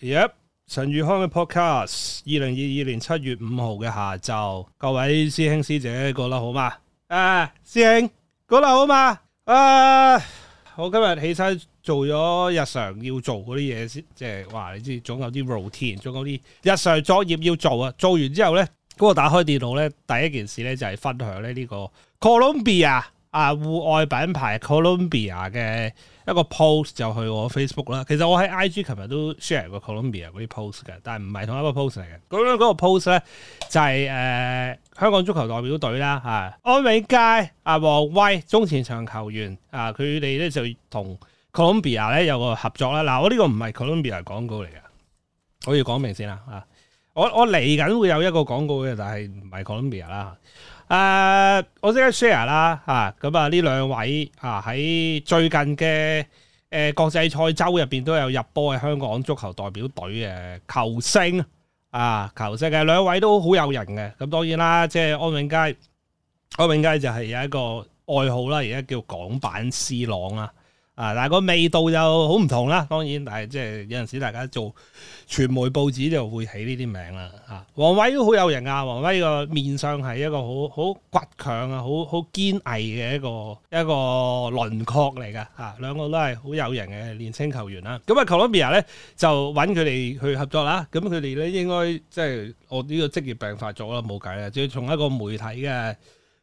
Yep，陳宇康嘅 podcast，二零二二年七月五號嘅下晝，各位師兄師姐過得好嘛？誒、啊，師兄，過得好嘛？誒、啊，我今日起身做咗日常要做嗰啲嘢先，即係哇，你知總有啲 routine，總有啲日常作業要做啊。做完之後咧，咁打開電腦咧，第一件事咧就係分享咧呢個 Colombia。啊！戶外品牌 Columbia 嘅一個 post 就去我 Facebook 啦。其實我喺 IG 琴日都 share 過 Columbia 嗰啲 post 嘅，但係唔係同一個 post 嚟嘅。嗰個 post 咧就係、是呃、香港足球代表隊啦，啊安美佳、阿黃威中前場球員啊，佢哋咧就同 Columbia 咧有個合作啦。嗱，我呢個唔係 Columbia 廣告嚟嘅，我要講明先啦。啊，我來我嚟緊、啊、會有一個廣告嘅，但係唔係 Columbia 啦。誒，uh, 我先 share 啦吓，咁啊呢兩位啊喺最近嘅誒、呃、國際賽週入邊都有入波嘅香港足球代表隊嘅球星啊，球星嘅兩位都好有型嘅，咁當然啦，即係安永佳，安永佳就係有一個愛好啦，而家叫港版 C 朗啦。啊！但係個味道又好唔同啦，當然，但係即係有陣時大家做傳媒報紙就會起呢啲名啦。嚇、啊，王偉都好有型啊，王偉個面上係一個好好骨強啊，好好堅毅嘅一個一個輪廓嚟㗎。嚇、啊。兩個都係好有型嘅年青球員啦。咁啊，Colombia 咧就揾佢哋去合作啦。咁佢哋咧應該即係、就是、我呢個職業病發咗啦，冇計啦。要從一個媒體嘅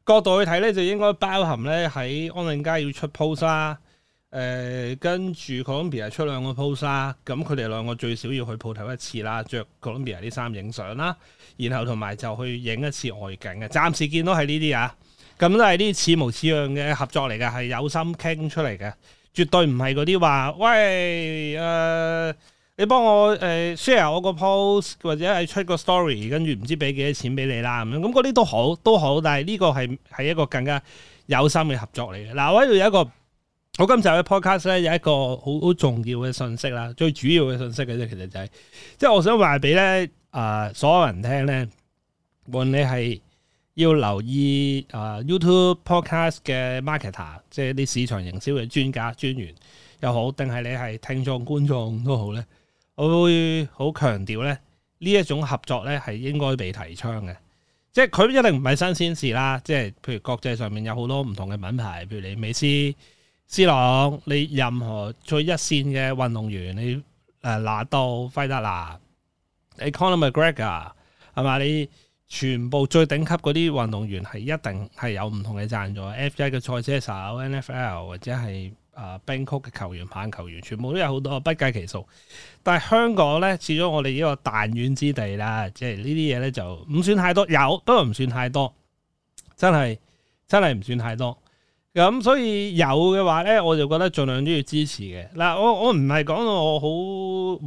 角度去睇咧，就應該包含咧喺安永佳要出 pose 啦。誒跟住、呃、Colombia 出兩個 post 啦，咁佢哋兩個最少要去鋪頭一次啦，着 Colombia 啲衫影相啦，然後同埋就去影一次外景嘅。暫時見到係呢啲啊，咁都係啲似模似樣嘅合作嚟嘅，係有心傾出嚟嘅，絕對唔係嗰啲話，喂誒、呃，你幫我、呃、share 我個 post 或者係出個 story，跟住唔知俾幾多錢俾你啦咁樣，咁嗰啲都好都好，但係呢個係係一個更加有心嘅合作嚟嘅。嗱、呃，我喺度有一個。我今集嘅 podcast 咧有一個好好重要嘅信息啦，最主要嘅信息嘅啫，其實就係、是，即係我想話俾咧啊所有人聽咧，無論你係要留意啊 YouTube podcast 嘅 marketer，即係啲市場營銷嘅專家專員又好，定係你係聽眾觀眾都好咧，我會好強調咧呢一種合作咧係應該被提倡嘅，即係佢一定唔係新鮮事啦，即係譬如國際上面有好多唔同嘅品牌，譬如你美詩。司朗，你任何最一線嘅運動員，你誒、啊、拿到費德勒、Conor McGregor 係嘛？你全部最頂級嗰啲運動員，係一定係有唔同嘅贊助。F1 嘅賽車手、NFL 或者係 n 冰球嘅球員、棒球員，全部都有好多不計其數。但係香港咧，始終我哋呢個彈丸之地啦，即係呢啲嘢咧就唔算太多，有，不過唔算太多，真係真係唔算太多。咁所以有嘅話咧，我就覺得盡量都要支持嘅。嗱，我我唔係講到我好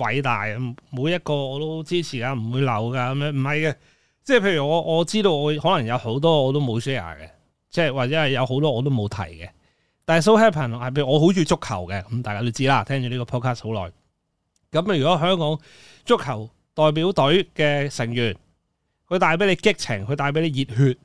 偉大，每一個我都支持啊，唔會漏噶咁樣。唔係嘅，即係譬如我我知道我可能有好多我都冇 share 嘅，即係或者係有好多我都冇提嘅。但係 so happen 係，譬如我好中意足球嘅，咁大家都知啦，聽住呢個 podcast 好耐。咁啊，如果香港足球代表隊嘅成員，佢帶俾你激情，佢帶俾你熱血，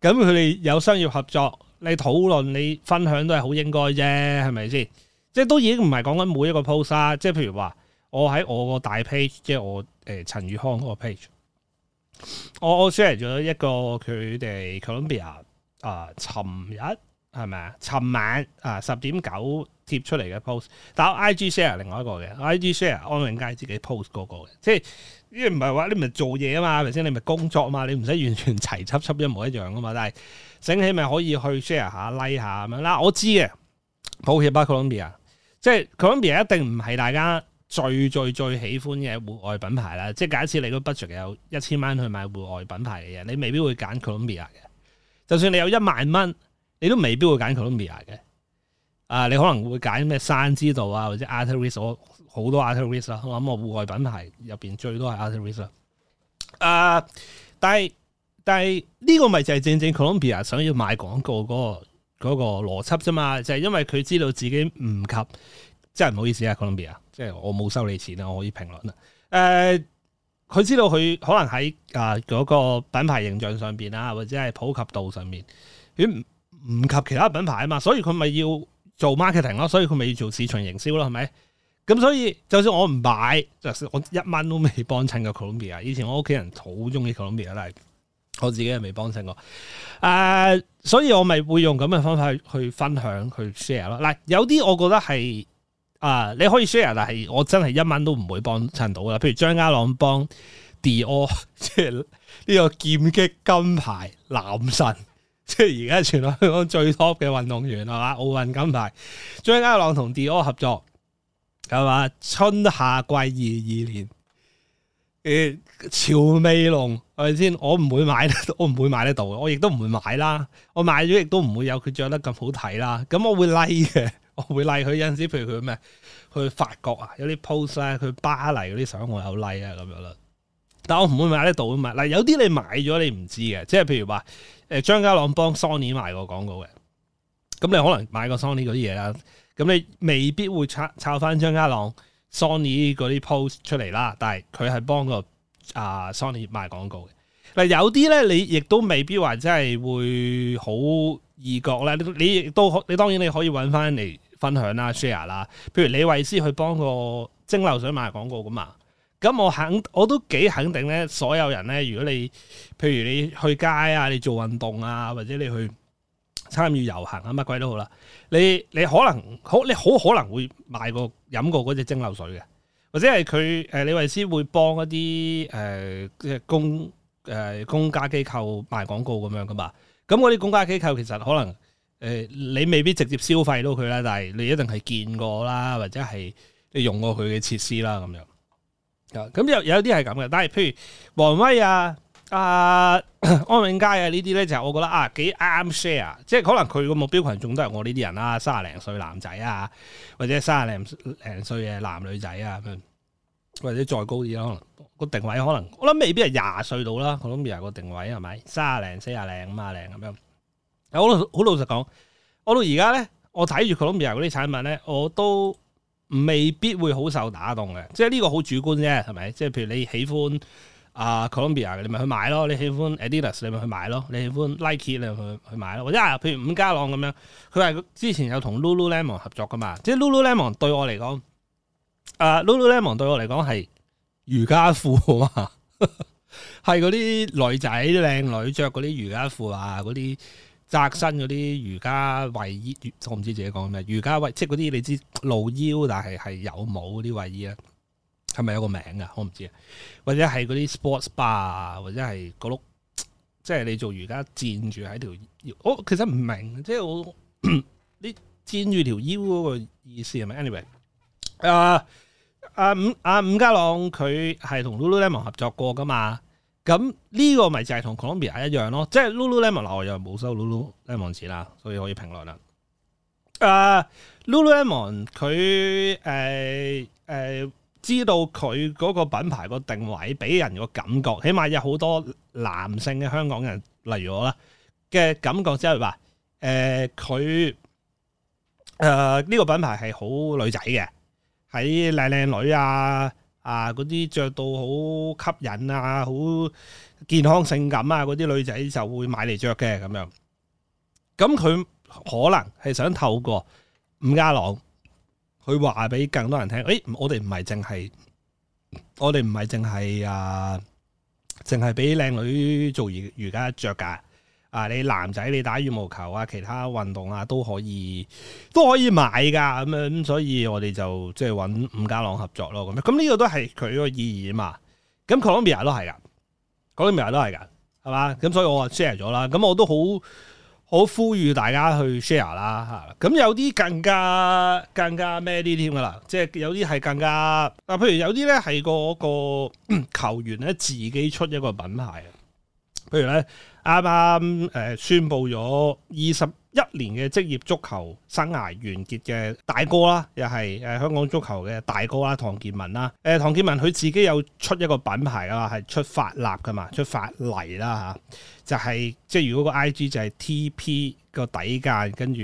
咁佢哋有商業合作，你討論你分享都係好應該啫，係咪先？即係都已經唔係講緊每一個 post 啊，即譬如話我喺我個大 page，即係我、呃、陳宇康嗰個 page，我我 share 咗一個佢哋 Columbia 啊，尋日係咪啊？尋晚啊十點九。貼出嚟嘅 post，但 I G share 另外一個嘅 I G share 安永佳自己 post 嗰個嘅，即係呢個唔係話你唔係做嘢啊嘛，頭先你咪工作嘛，你唔使完全齊輯輯一模一樣啊嘛，但係醒起咪可以去 share 下 like 下咁樣。嗱，我知嘅，抱歉，巴 Columbia 即係 Columbia 一定唔係大家最最最最喜歡嘅戶外品牌啦。即係假設你個 budget 有一千蚊去買戶外品牌嘅嘢，你未必會揀 Columbia 嘅。就算你有一萬蚊，你都未必會揀 Columbia 嘅。啊！你可能會揀咩山之道啊，或者 Arteris 我好多 Arteris 啦、啊，我諗我戶外品牌入面最多係 Arteris 啊，啊！但係但係呢個咪就係正正 Colombia 想要買廣告嗰個嗰個邏輯啫嘛，就係因為佢知道自己唔及，真係唔好意思啊，Colombia，即係我冇收你錢啊，我可以評論啊。佢、啊、知道佢可能喺啊嗰個品牌形象上面啊，或者係普及度上面，佢唔唔及其他品牌啊嘛，所以佢咪要。做 marketing 咯，所以佢咪要做市場營銷咯，係咪？咁所以就算我唔買，就算我一蚊都未幫襯過 Columbia。以前我屋企人好中意 Columbia，但係我自己又未幫襯過。Uh, 所以我咪會用咁嘅方法去分享、去 share 咯。嗱，uh, 有啲我覺得係啊，uh, 你可以 share，但係我真係一蚊都唔會幫襯到啦。譬如張家朗幫 Dior，即係呢個劍擊金牌男神。即係而家全香港最 top 嘅運動員係嘛？奧運金牌張家朗同 Dior 合作係嘛？春夏季二二年誒潮味龍係咪先？我唔會買，我唔會買得到，我亦都唔會買啦。我買咗亦都唔會有佢着得咁好睇啦。咁我會 like 嘅，我會 like 佢有陣時，譬如佢咩去法國啊，有啲 post 咧，去巴黎嗰啲相我有 like 啊咁樣啦。但我唔會買得到啊嘛。嗱、like like，有啲、like、你買咗你唔知嘅，即係譬如話。誒張家朗幫 Sony 賣過廣告嘅，咁你可能買過 Sony 嗰啲嘢啦，咁你未必會抄抄翻張家朗 Sony 嗰啲 post 出嚟啦，但係佢係幫個啊、呃、Sony 賣廣告嘅。嗱，有啲咧，你亦都未必話真係會好易覺啦，你亦都你當然你可以揾翻嚟分享啦、share 啦，譬如李慧詩去幫個蒸餾水賣廣告咁嘛。咁我肯，我都幾肯定咧。所有人咧，如果你，譬如你去街啊，你做運動啊，或者你去參與遊行啊，乜鬼都好啦。你你可能好，你好可能會買過飲過嗰隻蒸餾水嘅，或者係佢誒，李慧思會幫一啲誒公誒、呃、公家機構賣廣告咁樣噶嘛。咁嗰啲公家機構其實可能誒、呃，你未必直接消費到佢啦，但係你一定係見過啦，或者係你用過佢嘅設施啦咁樣。咁、嗯、有有啲係咁嘅，但係譬如王威啊、啊 安永佳啊呢啲咧，就係我覺得啊幾啱 share 即係可能佢個目標群眾都係我呢啲人啦，卅零歲男仔啊，或者卅零零歲嘅男女仔啊，或者再高啲咯，可能個定位可能我諗未必係廿歲到啦，Colombia 個定位係咪卅零四廿零五廿零咁樣？我好老實講，我到而家咧，我睇住 Colombia 嗰啲產品咧，我都，未必會好受打動嘅，即係呢個好主觀啫，係咪？即係譬如你喜歡啊、呃、Columbia，你咪去買咯；你喜歡 Adidas，你咪去買咯；你喜歡 Nike，你去去買咯。或者啊，譬如伍家朗咁樣，佢係之前有同 Lululemon 合作噶嘛。即係 Lululemon 對我嚟講，啊、呃、Lululemon 對我嚟講係瑜伽褲啊，係嗰啲女仔靚女着嗰啲瑜伽褲啊，嗰啲。紮身嗰啲瑜伽衛衣，我唔知自己講咩。瑜伽衛，即係嗰啲你知露腰，但係係有冇啲衛衣是不是一啊，係咪有個名噶？我唔知啊。或者係嗰啲 sports bar 啊，或者係嗰碌，即係你做瑜伽站住喺條腰。我、哦、其實唔明，即係我呢 站住條腰嗰個意思係咪？anyway，啊啊伍啊伍家朗佢係同 Lululemon 合作過噶嘛？咁呢個咪就係同 Columbia 一樣咯，即係 Lululemon 我又冇收 Lululemon 錢啦，所以可以評論啦。Uh, Lululemon 佢誒、呃呃、知道佢嗰個品牌個定位，俾人個感覺，起碼有好多男性嘅香港人，例如我啦嘅感覺、就是，即係話佢誒呢個品牌係好女仔嘅，喺靚靚女啊。啊！嗰啲着到好吸引啊，好健康性感啊，嗰啲女仔就會買嚟着嘅咁樣。咁佢可能係想透過吳家朗去話俾更多人聽，誒、哎，我哋唔係淨係，我哋唔係淨係啊，淨係俾靚女做瑜伽着㗎。啊！你男仔你打羽毛球啊，其他運動啊都可以，都可以買噶咁樣咁，所以我哋就即係揾五家郎合作咯咁。咁呢個都係佢個意義吖嘛。咁 Colombia 都係噶，Colombia 都係噶，係嘛？咁所以我 share 咗啦。咁我都好好呼籲大家去 share 啦嚇。咁有啲更加更加咩啲添噶啦，即係有啲係更加嗱，譬如有啲咧係個個球員咧自己出一個品牌。譬如咧，啱啱宣布咗二十一年嘅職業足球生涯完結嘅大哥啦，又係香港足球嘅大哥啦，唐建文啦。唐建文佢自己有出一個品牌噶嘛，係出發立噶嘛，出發嚟啦吓，就係、是、即係如果個 IG 就係 TP 個底架，跟住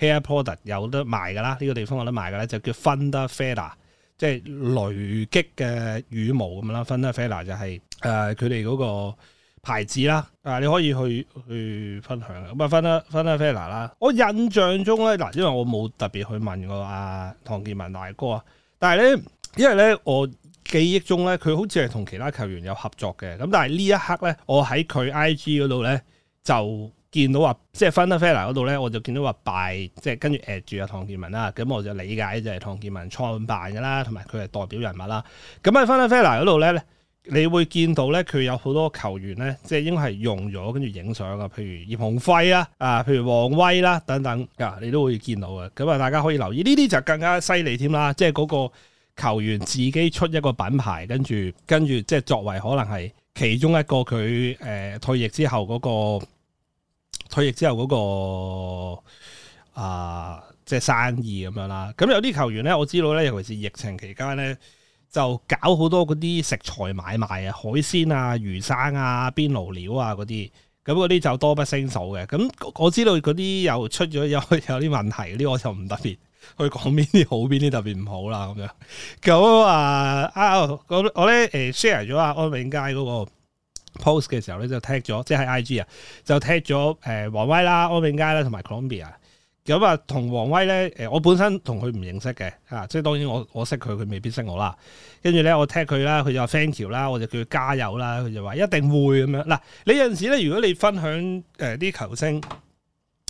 Hair product 有得賣噶啦，呢、呢個地方有得賣嘅咧，就叫 Thunder Feather 即係雷擊嘅羽毛咁啦。Thunder、Thunder Feather 就係佢哋嗰個。牌子啦，啊你可以去去分享咁啊，芬德芬德費拿啦。我印象中咧，嗱，因為我冇特別去問過阿、啊、唐建文大哥啊，但係咧，因為咧我記憶中咧，佢好似係同其他球員有合作嘅。咁但係呢一刻咧，我喺佢 IG 嗰度咧就見到話，即係芬德費拿嗰度咧，我就見到話拜，即係跟住誒住阿唐建文啦。咁我就理解就係唐建文創辦嘅啦，同埋佢係代表人物啦。咁喺芬德費拿嗰度咧咧，你會見到咧，佢有好多球員咧，即係應該係用咗跟住影相啊，譬如葉鴻輝啦，啊，譬如黃威啦等等啊，你都會見到嘅。咁啊，大家可以留意呢啲就更加犀利添啦，即係嗰個球員自己出一個品牌，跟住跟住即係作為可能係其中一個佢誒退役之後嗰個，退役之後嗰個啊，即係生意咁樣啦。咁有啲球員咧，我知道咧，尤其是疫情期間咧。就搞好多嗰啲食材買賣啊，海鮮啊、魚生啊、邊爐料啊嗰啲，咁嗰啲就多不勝數嘅。咁我知道嗰啲又出咗有有啲問題，呢我就唔特別去講邊啲好，邊啲特別唔好啦咁樣。咁啊啊，我呢咧 share 咗阿安永街嗰個 post 嘅時候咧就 tag 咗，即係 IG 啊，就 tag 咗誒王威啦、安永街啦同埋 Columbia。咁啊，同王威咧，我本身同佢唔認識嘅，啊，即係當然我我識佢，佢未必識我啦。跟住咧，我 tag 佢啦，佢就話 thank you」啦，我就叫佢加油啦，佢就話一定會咁樣。嗱、啊，你有時呢陣時咧，如果你分享啲球星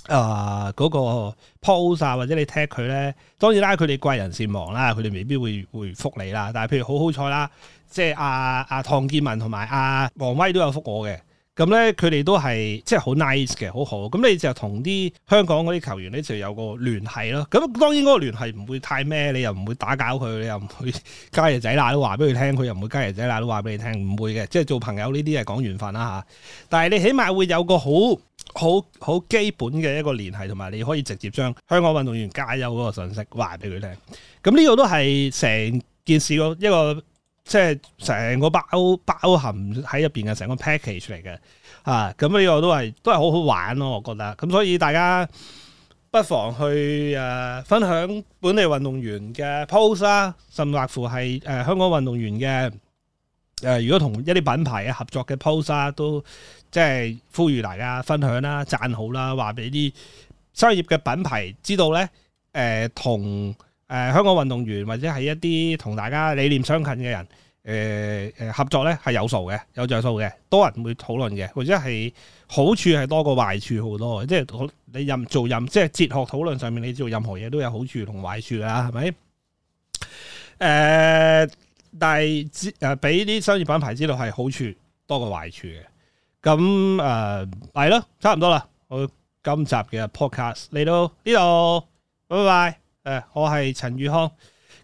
啊嗰個 post 啊，或者你 tag 佢咧，當然啦，佢哋貴人善忘啦，佢哋未必會回覆你啦。但係譬如好好彩啦，即係阿阿唐建文同埋阿王威都有覆我嘅。咁咧，佢哋都係即係好 nice 嘅，好好。咁你就同啲香港嗰啲球員咧就有個聯繫咯。咁當然嗰個聯繫唔會太咩，你又唔會打攪佢，你又唔會家爺仔乸都話俾佢聽，佢又唔會家爺仔乸都話俾你聽，唔會嘅。即係做朋友呢啲係講緣分啦吓。但係你起碼會有個好好好基本嘅一個聯繫，同埋你可以直接將香港運動員加油嗰個信息話俾佢聽。咁呢個都係成件事一個。即係成個包包含喺入邊嘅成個 package 嚟嘅啊！咁呢個都係都係好好玩咯，啊，我覺得。咁所以大家不妨去誒、呃、分享本地運動員嘅 pose 啦，啊，甚或乎係誒香港運動員嘅誒、呃，如果同一啲品牌嘅合作嘅 pose 啦，啊，都即係呼籲大家分享啦，讚好啦，話俾啲商業嘅品牌知道咧。誒、呃，同。誒、呃、香港運動員或者係一啲同大家理念相近嘅人，誒、呃、誒合作咧係有數嘅，有著數嘅，多人會討論嘅，或者係好處係多過壞處好多，即係你任做任即係哲學討論上面，你做任何嘢都有好處同壞處㗎啦，係咪、嗯？誒、呃，但係知誒俾啲商業品牌知道係好處多過壞處嘅，咁誒係咯，差唔多啦。我今集嘅 podcast 嚟到呢度，拜拜。誒，我係陳宇康。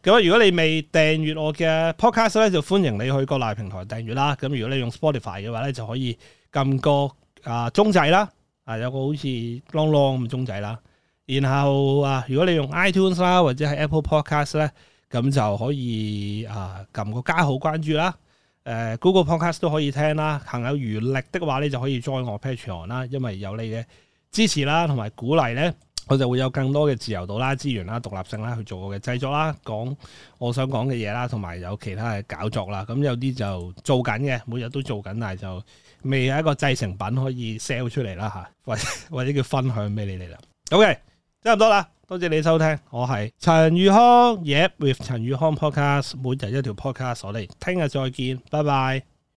咁如果你未訂閱我嘅 podcast 咧，就歡迎你去各大平台訂閱啦。咁如果你用 Spotify 嘅話咧，就可以撳個啊鐘仔啦。啊，有個好似 long long 咁嘅鐘仔啦。然後啊，如果你用 iTunes 啦，或者係 Apple Podcast 咧，咁就可以啊撳個加號關注啦。誒，Google Podcast 都可以聽啦。行有餘力的話咧，你就可以 join 我的 Patreon 啦，因為有你嘅支持啦，同埋鼓勵咧。我就會有更多嘅自由度啦、資源啦、獨立性啦去做我嘅製作啦，講我想講嘅嘢啦，同埋有其他嘅搞作啦。咁有啲就做緊嘅，每日都做緊，但係就未有一個製成品可以 sell 出嚟啦，吓或或者叫分享俾你哋啦。OK，差唔多啦，多謝你收聽，我係陳宇康 Yep with 陳宇康 Podcast，每日一條 Podcast，我哋聽日再見，拜拜。